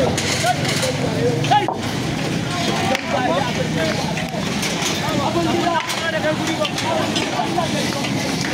Abin gida, ana da kai guri ba.